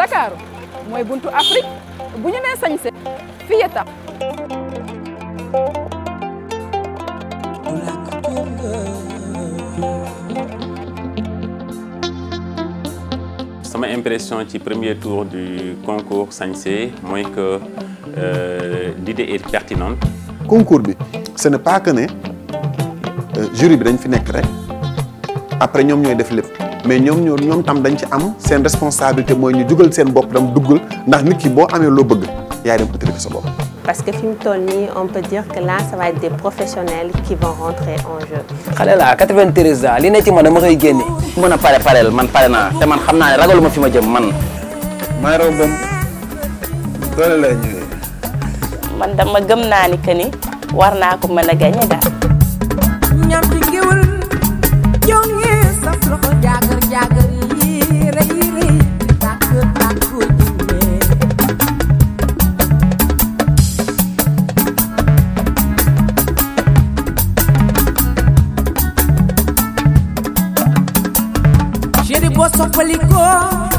Dakar, moy buntu Afrique bu ñu nee sañse fii tax sama impression ci premier tour du concours sañse mooy que euh, l'idée est pertinente concours bi ce n'est pas que ne euh, jury bi dañ fi nekk rek après ñoom ñooy def lépp mais ñom ñoo ñom tam dañ ci am seen responsabilité moy ñu duggal seen bopp tam duggal ndax nit ki boo amee loo bëgg yaay dem utiliser sa bop parce que fi toll ni on peut dire que là ça va être des professionnels qui vont rentrer en jeu. xale la 93 ans li ne ci man dama koy génne. mën a pare pareel man paré na té man xam naa ragaluma fima jëm man. may raw bam doole la ñu man dama gëm naa ni que ni war naa ko mën a gagné daal. Jere boson kweliko